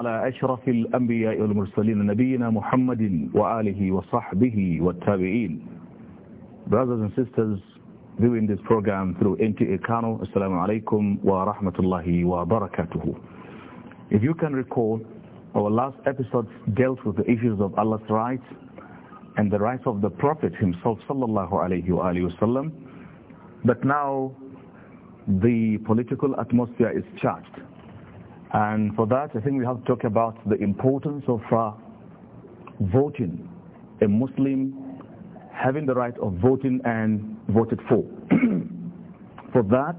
على أشرف الأنبياء والمرسلين نبينا محمد وآله وصحبه والتابعين Brothers and sisters viewing this program through NTA Kano Assalamu alaikum wa rahmatullahi wa barakatuhu If you can recall our last episode dealt with the issues of Allah's rights and the rights of the Prophet himself sallallahu alayhi wa sallam but now the political atmosphere is charged and for that, I think we have to talk about the importance of uh, voting. A Muslim having the right of voting and voted for. for that,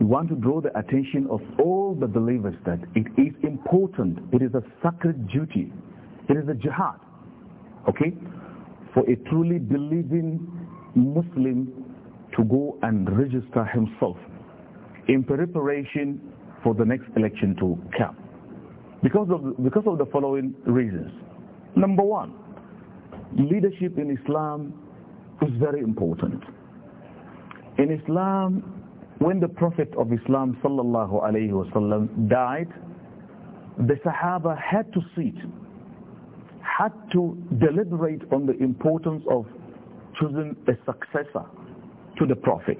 we want to draw the attention of all the believers that it is important, it is a sacred duty, it is a jihad, okay, for a truly believing Muslim to go and register himself in preparation for the next election to come. Because of, because of the following reasons. Number one, leadership in Islam is very important. In Islam, when the Prophet of Islam sallallahu alayhi wasallam died, the Sahaba had to sit, had to deliberate on the importance of choosing a successor to the Prophet.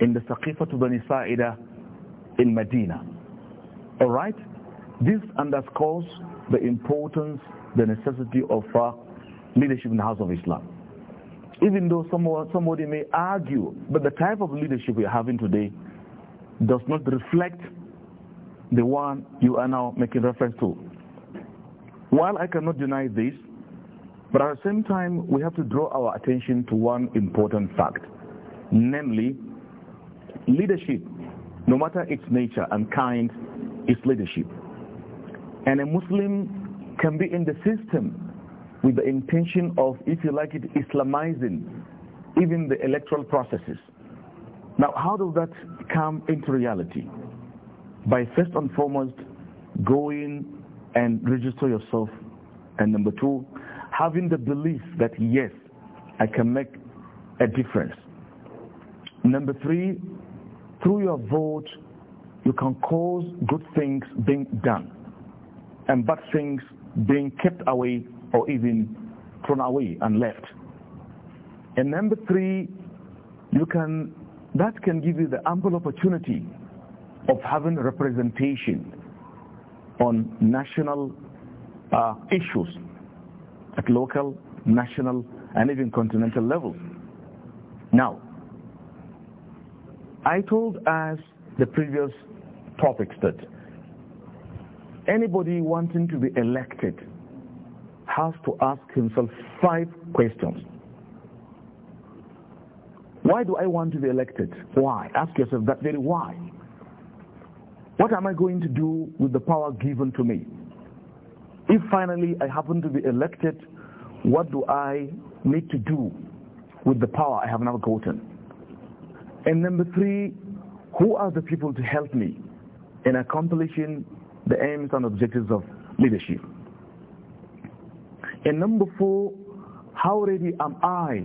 In the Saqifa to Bani Sa'idah, in Medina. All right? This underscores the importance, the necessity of uh, leadership in the house of Islam. Even though someone, somebody may argue, but the type of leadership we are having today does not reflect the one you are now making reference to. While I cannot deny this, but at the same time, we have to draw our attention to one important fact, namely, leadership no matter its nature and kind, its leadership. And a Muslim can be in the system with the intention of, if you like it, Islamizing even the electoral processes. Now, how does that come into reality? By first and foremost, going and register yourself. And number two, having the belief that yes, I can make a difference. Number three, through your vote, you can cause good things being done and bad things being kept away or even thrown away and left. And number three, you can, that can give you the ample opportunity of having representation on national uh, issues at local, national, and even continental levels. Now, I told us the previous topics that anybody wanting to be elected has to ask himself five questions. Why do I want to be elected? Why? Ask yourself that very why. What am I going to do with the power given to me? If finally I happen to be elected, what do I need to do with the power I have now gotten? And number three, who are the people to help me in accomplishing the aims and objectives of leadership? And number four, how ready am I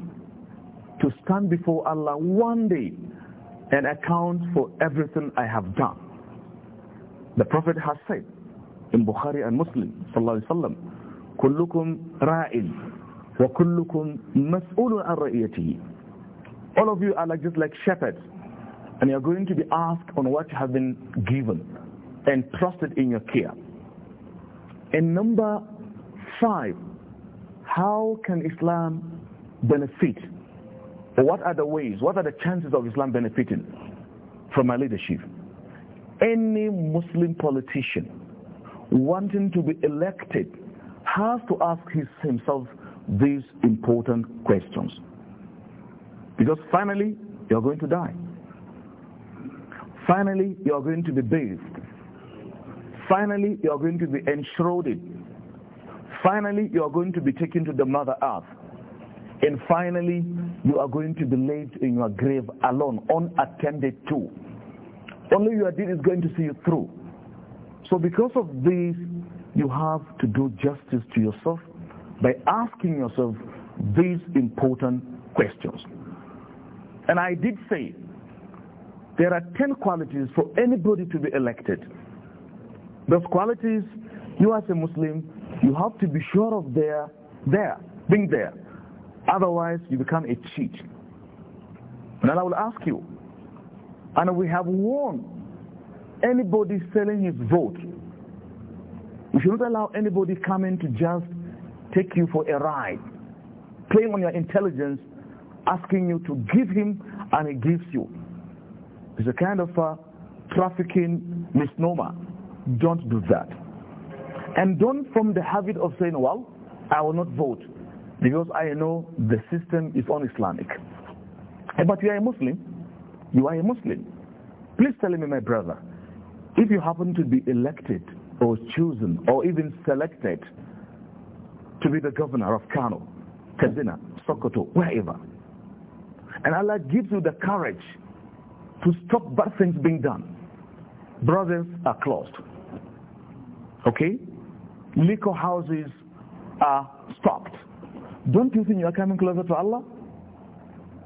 to stand before Allah one day and account for everything I have done? The Prophet has said in Bukhari and Muslim, sallallahu alaihi wasallam, كلكم راع وكلكم مسؤول عن رأيته all of you are like just like shepherds, and you're going to be asked on what you have been given and trusted in your care. And number five, how can Islam benefit? What are the ways, what are the chances of Islam benefiting from my leadership? Any Muslim politician wanting to be elected has to ask himself these important questions. Because finally, you're going to die. Finally, you're going to be bathed. Finally, you're going to be enshrouded. Finally, you're going to be taken to the mother earth. And finally, you are going to be laid in your grave alone, unattended to. Only your deed is going to see you through. So because of this, you have to do justice to yourself by asking yourself these important questions. And I did say there are 10 qualities for anybody to be elected. Those qualities, you as a Muslim, you have to be sure of their, there, being there. Otherwise, you become a cheat. And I will ask you, and we have warned anybody selling his vote. You should not allow anybody coming to just take you for a ride, playing on your intelligence asking you to give him and he gives you. It's a kind of a trafficking misnomer. Don't do that. And don't from the habit of saying, well, I will not vote because I know the system is un-Islamic. Eh, but you are a Muslim. You are a Muslim. Please tell me, my brother, if you happen to be elected or chosen or even selected to be the governor of Kano, Kaduna, Sokoto, wherever, and Allah gives you the courage to stop bad things being done. Brothers are closed. Okay? Liquor houses are stopped. Don't you think you are coming closer to Allah?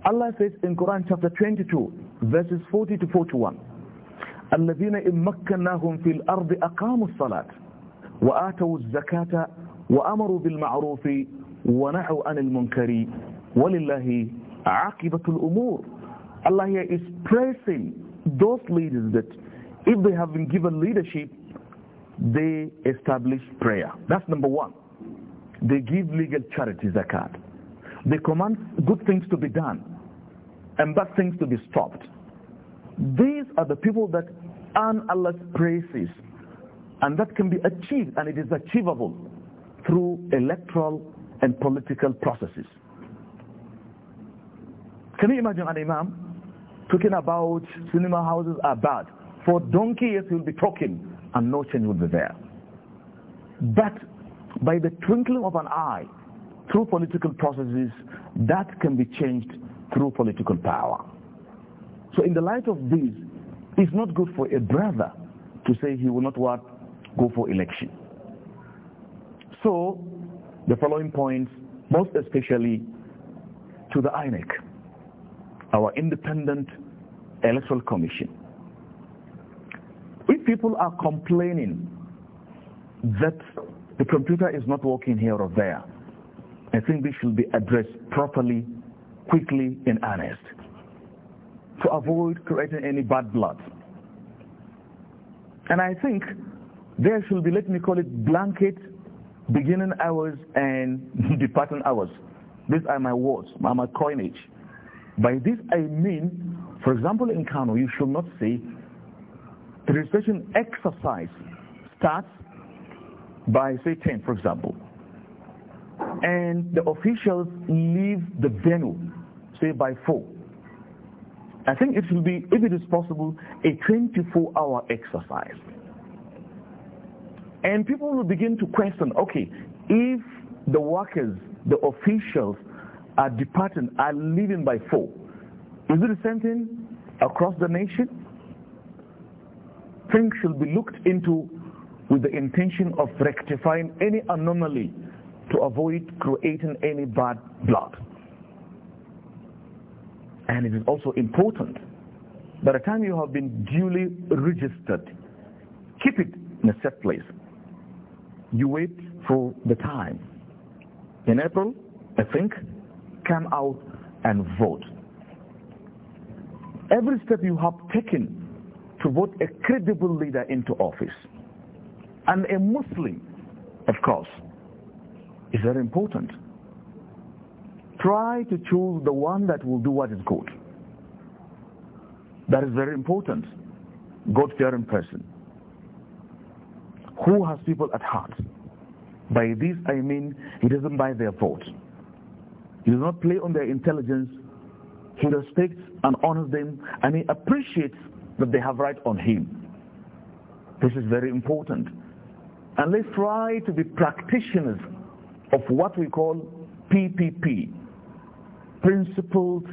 Allah says in Quran chapter 22, verses 40 to 41, الَّذِينَ إِن مَكَّنَّاهُمْ فِي الْأَرْضِ أَقَامُوا الصَّلَاةِ وَآتَوُا الزَّكَاةَ وَأَمَرُوا بِالْمَعْرُوفِ ونحوا عن المنكر ولله aqibatul umur. Allah here is praising those leaders that if they have been given leadership, they establish prayer. That's number one. They give legal charity zakat. They command good things to be done and bad things to be stopped. These are the people that earn Allah's praises. And that can be achieved, and it is achievable through electoral and political processes. Can you imagine an imam talking about cinema houses are bad? For donkeys he'll be talking and no change will be there. But by the twinkling of an eye, through political processes, that can be changed through political power. So in the light of this, it's not good for a brother to say he will not what, go for election. So the following points, most especially to the INEC our independent electoral commission. If people are complaining that the computer is not working here or there, I think this should be addressed properly, quickly, in earnest, to avoid creating any bad blood. And I think there should be, let me call it, blanket beginning hours and departing hours. These are my words, my coinage. By this I mean, for example, in Kano, you should not say the registration exercise starts by, say, 10, for example. And the officials leave the venue, say, by 4. I think it should be, if it is possible, a 24-hour exercise. And people will begin to question, okay, if the workers, the officials are departing, are leaving by four. Is it the same thing across the nation? Things should be looked into with the intention of rectifying any anomaly to avoid creating any bad blood. And it is also important, by the time you have been duly registered, keep it in a safe place. You wait for the time. In April, I think, come out and vote. Every step you have taken to vote a credible leader into office, and a Muslim, of course, is very important. Try to choose the one that will do what is good. That is very important. God-fearing person. Who has people at heart? By this I mean he doesn't buy their vote. He does not play on their intelligence. He respects and honors them and he appreciates that they have right on him. This is very important. And let's try to be practitioners of what we call PPP, Principled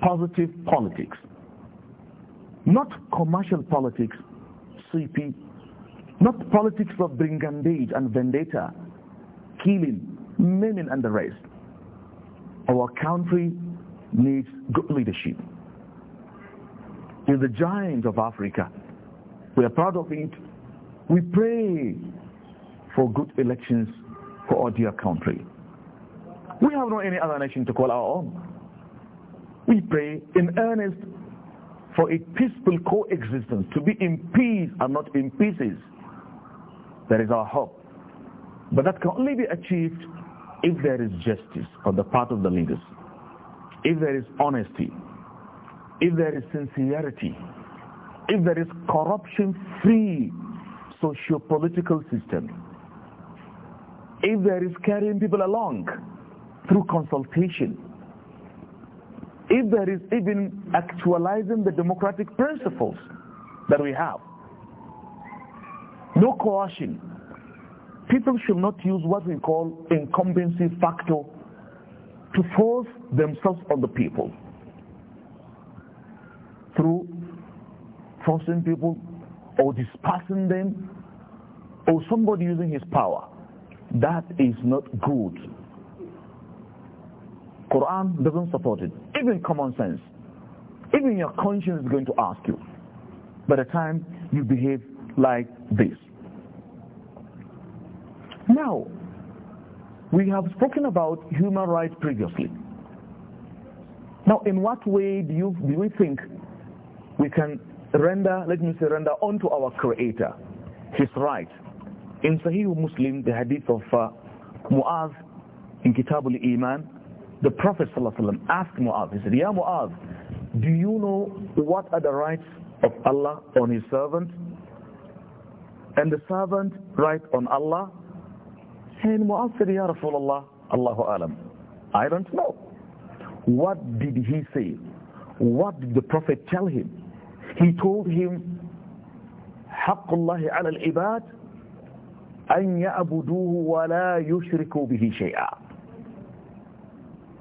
Positive Politics. Not commercial politics, CP. Not politics of brigandage and vendetta, killing, maiming and the rest our country needs good leadership. In the giant of Africa. We are proud of it. We pray for good elections for our dear country. We have no any other nation to call our own. We pray in earnest for a peaceful coexistence, to be in peace and not in pieces. That is our hope. But that can only be achieved if there is justice on the part of the leaders, if there is honesty, if there is sincerity, if there is corruption-free socio-political system, if there is carrying people along through consultation, if there is even actualizing the democratic principles that we have, no coercion, people should not use what we call incumbency factor to force themselves on the people through forcing people or dispersing them or somebody using his power. That is not good. Quran doesn't support it. Even common sense. Even your conscience is going to ask you by the time you behave like this. Now, we have spoken about human rights previously. Now, in what way do, you, do we think we can render, let me say, render unto our Creator his right? In Sahih Muslim, the hadith of uh, Mu'az in Kitab al-Iman, the Prophet ﷺ asked Mu'az, he said, Ya Mu'az, do you know what are the rights of Allah on his servant? And the servant right on Allah and Mu'adh Ya Rasulullah, Allahu Alam. I don't know. What did he say? What did the Prophet tell him? He told him, حق الله على العباد أن يعبدوه ولا يشركوا به شيئا.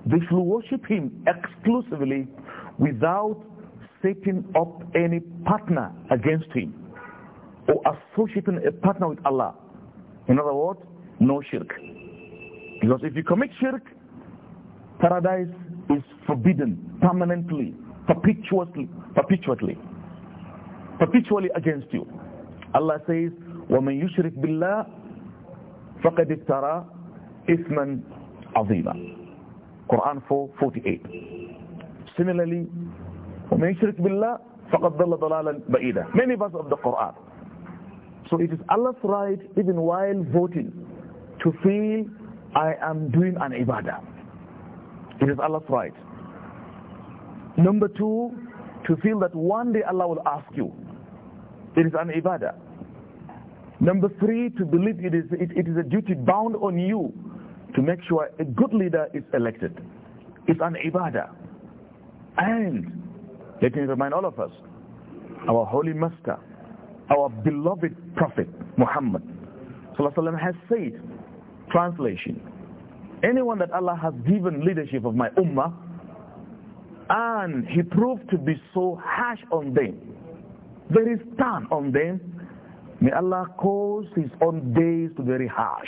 They should worship him exclusively without setting up any partner against him or associating a partner with Allah. In other words, no shirk. Because if you commit shirk, paradise is forbidden permanently, perpetuously, perpetually, perpetually against you. Allah says, وَمَنْ يُشْرِكْ بِاللَّهِ فَقَدِ افْتَرَى إِثْمًا عَظِيمًا Quran 4:48. Similarly, وَمَنْ يُشْرِكْ بِاللَّهِ فَقَدْ ضَلَّ ضَلَالًا بَعِيدًا Many verses of the Quran. So it is Allah's right even while voting to feel I am doing an ibadah. It is Allah's right. Number two, to feel that one day Allah will ask you. It is an ibadah. Number three, to believe it is, it, it is a duty bound on you to make sure a good leader is elected. It's an ibadah. And let me remind all of us, our holy master, our beloved prophet Muhammad has said Translation. Anyone that Allah has given leadership of my ummah, and he proved to be so harsh on them, very stern on them, may Allah cause his own days to be very harsh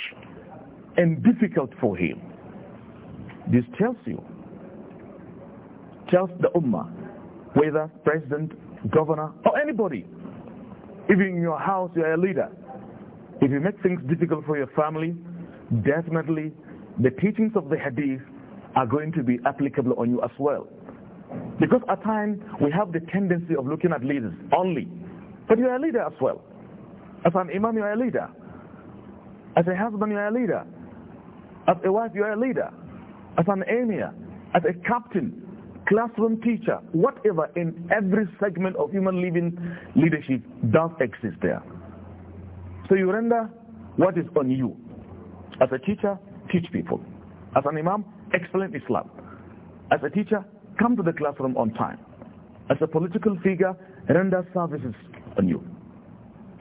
and difficult for him. This tells you, tells the ummah, whether president, governor, or anybody, even in your house, you are a leader. If you make things difficult for your family, definitely the teachings of the hadith are going to be applicable on you as well. Because at times we have the tendency of looking at leaders only, but you are a leader as well. As an imam, you are a leader. As a husband, you are a leader. As a wife, you are a leader. As an emir, as a captain, classroom teacher, whatever, in every segment of human living, leadership does exist there. So you render what is on you. As a teacher, teach people. As an imam, explain Islam. As a teacher, come to the classroom on time. As a political figure, render services on you.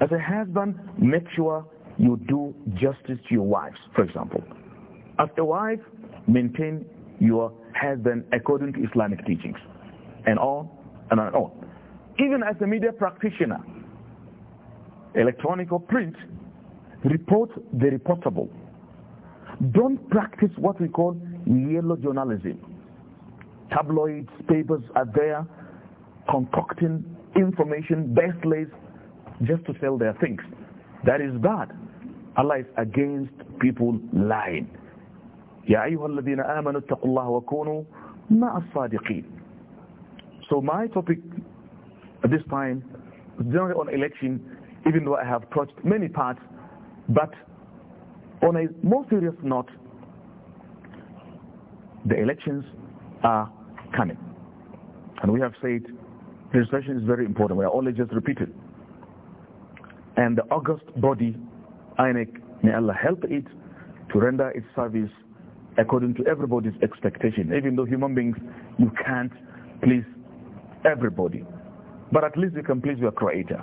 As a husband, make sure you do justice to your wives, for example. As a wife, maintain your husband according to Islamic teachings. And on and on. Even as a media practitioner, electronic or print, report the reportable don't practice what we call yellow journalism. Tabloids, papers are there concocting information, best lays, just to sell their things. That is bad. Allah is against people lying. يا أيها الذين آمنوا اتقوا الله وكونوا الصادقين. So my topic at this time is generally on election, even though I have touched many parts, but on a more serious note, the elections are coming. And we have said session is very important. We are only just repeated. And the August body, INEC, may Allah help it to render its service according to everybody's expectation. Even though human beings, you can't please everybody. But at least you can please your Creator.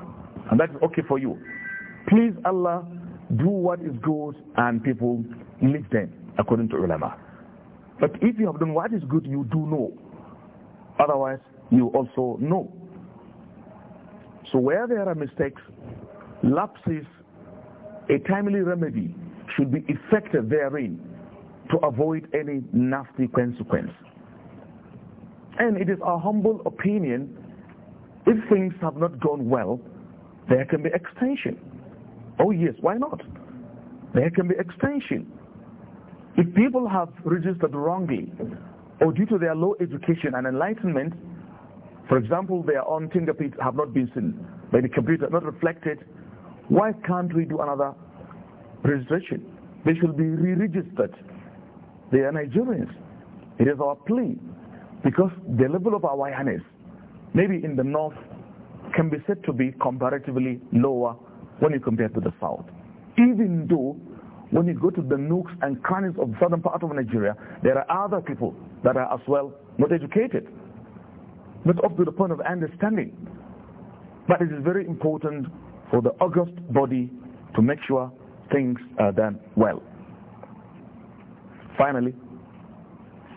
And that's okay for you. Please Allah do what is good and people leave them, according to ulama. But if you have done what is good, you do know. Otherwise, you also know. So where there are mistakes, lapses, a timely remedy should be effected therein to avoid any nasty consequence. And it is our humble opinion, if things have not gone well, there can be extension. Oh yes, why not? There can be extension. If people have registered wrongly or due to their low education and enlightenment, for example, their own fingerprints have not been seen by the computer, not reflected, why can't we do another registration? They should be re-registered. They are Nigerians. It is our plea because the level of awareness, maybe in the north, can be said to be comparatively lower when you compare to the south. Even though when you go to the nooks and crannies of the southern part of Nigeria, there are other people that are as well not educated, not up to the point of understanding. But it is very important for the august body to make sure things are done well. Finally,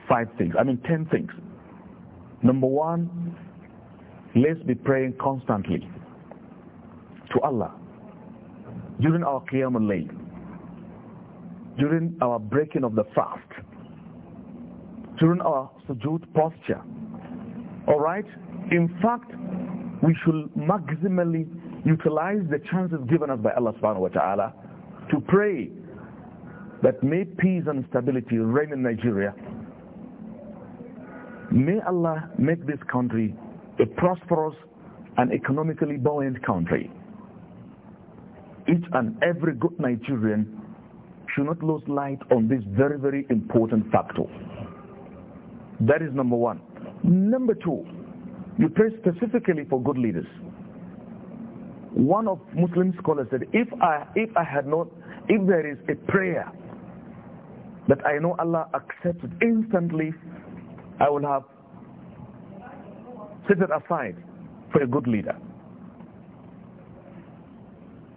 five things, I mean ten things. Number one, let's be praying constantly to Allah during our Qiyam al-Layl, during our breaking of the fast, during our sujood posture. All right? In fact, we should maximally utilize the chances given us by Allah subhanahu wa ta'ala to pray that may peace and stability reign in Nigeria. May Allah make this country a prosperous and economically buoyant country each and every good Nigerian should not lose light on this very, very important factor. That is number one. Number two, you pray specifically for good leaders. One of Muslim scholars said, if I, if I had not, if there is a prayer that I know Allah accepts instantly, I will have set it aside for a good leader.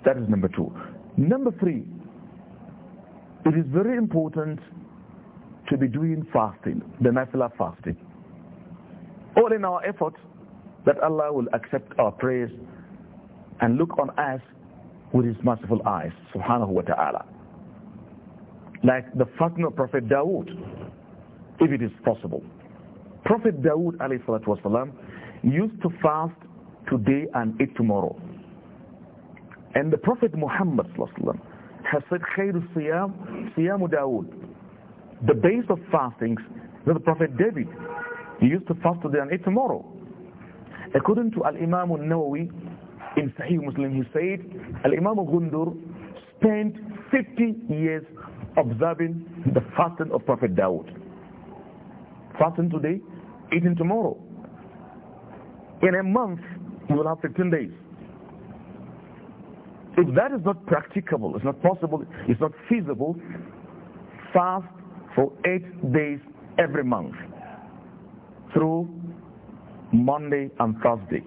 That is number two. Number three, it is very important to be doing fasting, the nafilah fasting. All in our effort that Allah will accept our prayers and look on us with his merciful eyes, subhanahu wa ta'ala. Like the fasting of Prophet Dawood, if it is possible. Prophet Dawood alayhi salatu wasalam, used to fast today and eat tomorrow. And the Prophet Muhammad has said, خير الصيام صيام Dawood." The base of fastings that the Prophet David he used to fast today and eat tomorrow. According to Al-Imam al-Nawawi in Sahih Muslim, he said, Al-Imam al-Ghundur spent 50 years observing the fasting of Prophet Dawood. Fasting today, eating tomorrow. In a month, you will have 15 days. If that is not practicable, it's not possible, it's not feasible, fast for eight days every month through Monday and Thursday.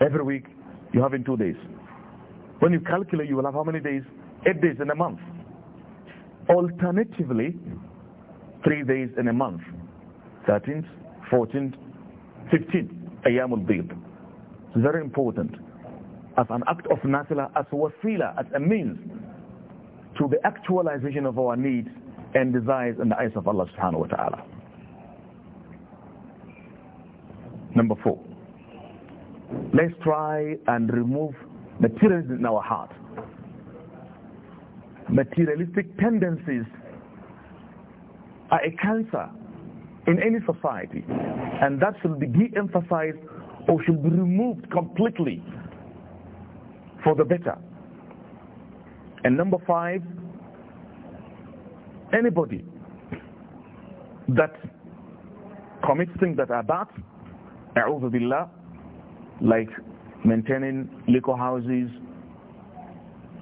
Every week, you have in two days. When you calculate, you will have how many days? Eight days in a month. Alternatively, three days in a month. 13th, 14th, 15th, Ayyamul Bid. It's very important as an act of nasila, as wasila, as a means to the actualization of our needs and desires in the eyes of Allah subhanahu wa ta'ala. Number four, let's try and remove materialism in our heart. Materialistic tendencies are a cancer in any society and that should be de-emphasized or should be removed completely for the better. And number five, anybody that commits things that are bad, a'udhu billah, like maintaining liquor houses,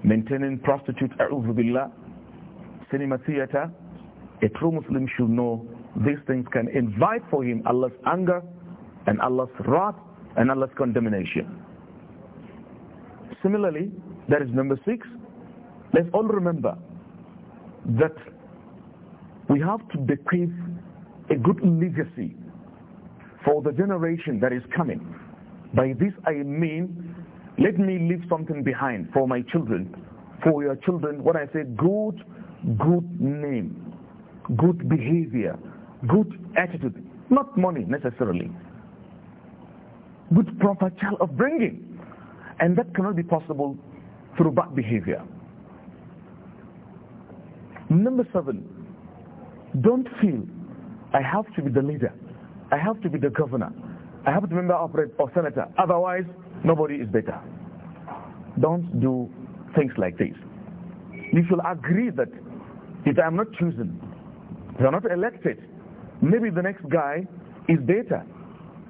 maintaining prostitutes, a'udhu billah, cinema theater, a true Muslim should know these things can invite for him Allah's anger and Allah's wrath and Allah's condemnation. Similarly, that is number six. Let's all remember that we have to bequeath a good legacy for the generation that is coming. By this I mean, let me leave something behind for my children, for your children, when I say good, good name, good behavior, good attitude, not money necessarily, good proper child upbringing. And that cannot be possible through bad behavior. Number seven, don't feel I have to be the leader. I have to be the governor. I have to be member of or senator. Otherwise, nobody is better. Don't do things like this. You should agree that if I am not chosen, if I am not elected, maybe the next guy is better.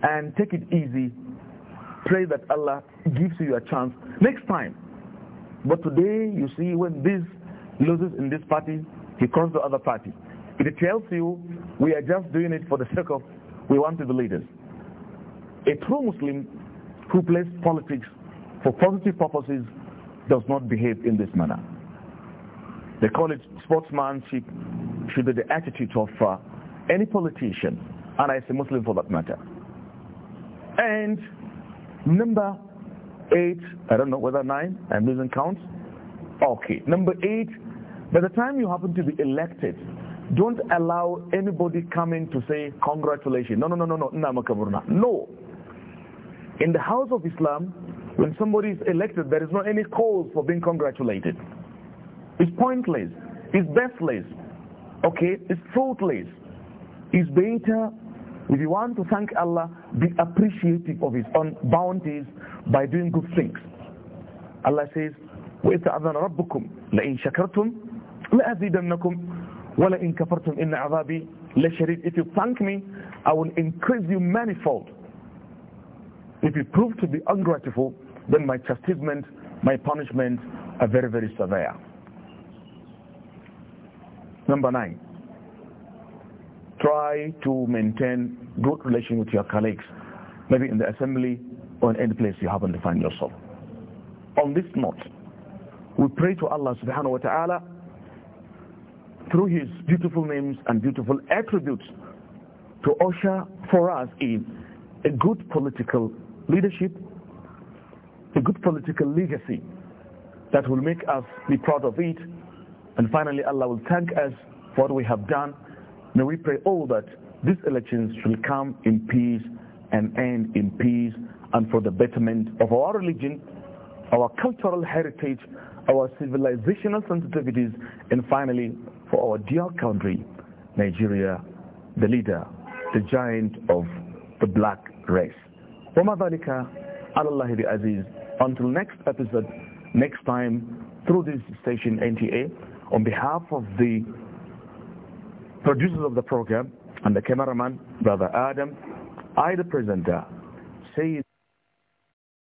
And take it easy Pray that Allah gives you a chance next time. But today, you see, when this loses in this party, he comes the other party. It tells you, we are just doing it for the sake of, we want to be leaders. A true Muslim who plays politics for positive purposes does not behave in this manner. They call it sportsmanship, should be the attitude of uh, any politician, and I say Muslim for that matter. And Number eight, I don't know whether nine, I'm losing count. Okay, number eight, by the time you happen to be elected, don't allow anybody coming to say congratulations. No, no, no, no, no, no. In the house of Islam, when somebody is elected, there is no any cause for being congratulated. It's pointless. It's baseless. Okay? It's fruitless. It's better if you want to thank Allah, be appreciative of His own bounties by doing good things. Allah says, وَإِتَعَذَنَ رَبُّكُمْ لَإِن شَكَرْتُمْ لَأَزِيدَنَّكُمْ وَلَإِن كَفَرْتُمْ إِنَّ عَذَابِي لَشَدِيدٌ If you thank me, I will increase you manifold. If you prove to be ungrateful, then my chastisement, my punishment are very, very severe. Number nine try to maintain good relation with your colleagues, maybe in the assembly or in any place you happen to find yourself. On this note, we pray to Allah subhanahu wa ta'ala through his beautiful names and beautiful attributes to usher for us in a good political leadership, a good political legacy that will make us be proud of it. And finally, Allah will thank us for what we have done May we pray all oh, that these elections should come in peace and end in peace and for the betterment of our religion, our cultural heritage, our civilizational sensitivities, and finally for our dear country, Nigeria, the leader, the giant of the black race. وما ذلك على الله Until next episode, next time, through this station NTA, on behalf of the producers of the program, and the cameraman, Brother Adam, I, the presenter, say